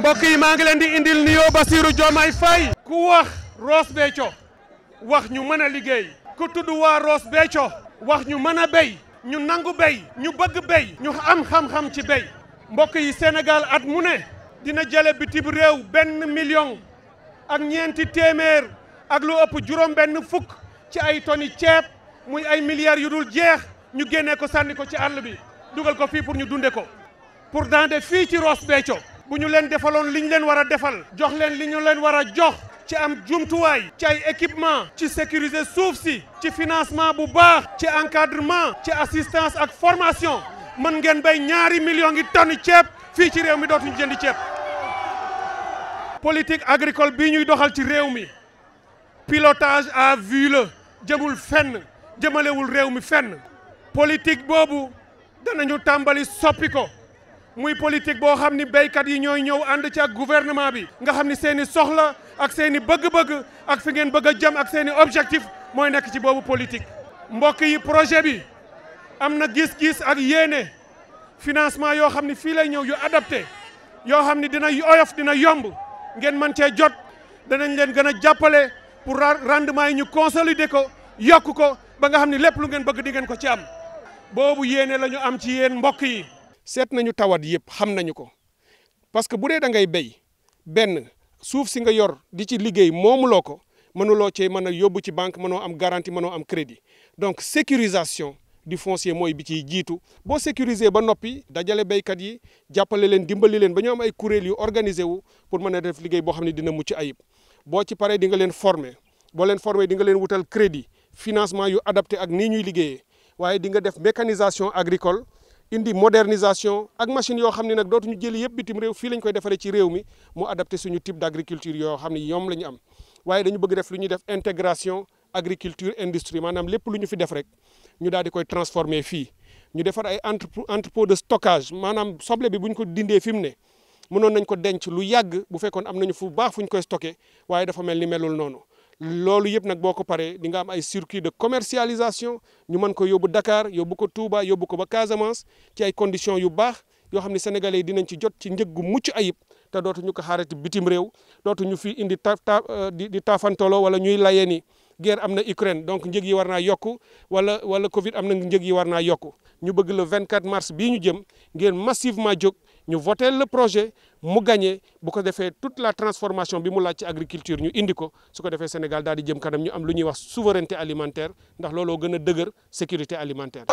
mbokk yi maa ngi leen di indil nuyoo Bassirou Diomaye Faye ku wax Ross Béthio wax ñu mën a liggéey ku tudd waa Ross Béthio wax ñu mën a béy ñu nangu béy ñu bëgg béy ñu am xam-xam ci béy mbokk yi Sénégal at mu ne dina jële bitim réew benn million ak ñeenti téeméer ak lu ëpp juróom benn fukk ci ay toni ceeb muy ay milliards yu dul jeex ñu génnee ko sànni ko ci àll bi dugal ko fii pour ñu dunde ko pour dande fii ci Ross Béthio buñu leen defaloon li leen war a defal jox leen li ñu leen war a jox ci am jumtuwaay ci ay équipement ci sécuriser suuf si ci financement bu baax ci encadrement ci assistance ak formation mën ngeen bay ñaari million ngi tonnes ceeb fii ci réew mi dootuñu jëndi ceeb politique agricole bi ñuy doxal ci réew pilotage à vue le jëmul fenn jëmalewul réew mi fenn politique boobu danañu tàmbali soppi ko muy politique boo xam ni béykat yi ñooy ñëw ànd ci ak gouvernement bi nga xam ni seen i soxla ak seeni i bëgg-bëgg ak fi ngeen bëgg a jëm ak seen i objectif mooy nekk ci boobu politique mbokk yi projet bi am na gis-gis ak yéene financement yoo xam ni fii lay ñëw yu adapté yoo xam ni dina oyof dina yomb ngeen mën cee jot danañ leen gën a jàppale pour rendement yi ñu consolider ko yokk ko ba nga xam ni lépp lu ngeen bëgg di ngeen ko ci am boobu yéene la am ci yéen mbokk yi set nañu tawat yépp xam nañu ko parce que bu dee da ngay bay benn suuf si nga yor di ci liggéey moomuloo ko mënuloo cee mën a yóbbu ci banque mënoo am garantie mënoo am crédit donc sécurisation di foncier mooy bi ci jiitu boo sécurisé ba noppi dajale baykat yi jàppale leen dimbali leen ba ñu am ay kuréel yu organisé wu pour mën a def liggéey boo xam ne dina mucc ayib boo ci pare di nga leen formé boo leen formé di nga leen wutal crédit financement yu adapté ak ni ñuy liggéeyee waaye di nga def mécanisation agricole indi modernisation ak machine yo xamni nak dootu ñu jël yépp bitim réew fi lañ koy defaree ci réew mi mu adapté suñu type d'agriculture yo xamni ñom lañ am waaye dañu bëgg def lu def intégration agriculture industrie m'anam lepp luñu fi def rek ñu daal di koy transformer fi, ñu défar ay entrepôt de stockage m'anam soble bi buñ ko dindé fimné mënon ne nañ ko denc lu yagg bu fekkoon am nañu fu baax fuñ koy stocker waaye dafa mel ni melul noonu loolu yëpp nag boo ko paree di nga am ay circuit de commercialisation ñu mën ko yóbbu dakaar yóbbu ko Touba yóbbu ko ba Casamance ci ay conditions yu baax yoo xam ne sénégalais yi dinañ ci jot ci njëggu gu mucc ayib te dootuñu ko xaarati bitim réew dootuñu fi indi ta euh, di di taafantolo wala ñuy layee ni guerre am na Ukraine donc njëg yi war naa yokku wala wala Covid am na njëg yi war naa yokku ñu bëgg le 24 mars bii ñu jëm ngeen massivement jóg. Nous votons le projet pour gagner, pour ko toute la transformation de l'agriculture nous ci agriculture que indi ko Sénégal nous avons jëm kanam une souveraineté alimentaire ndax avons la sécurité alimentaire.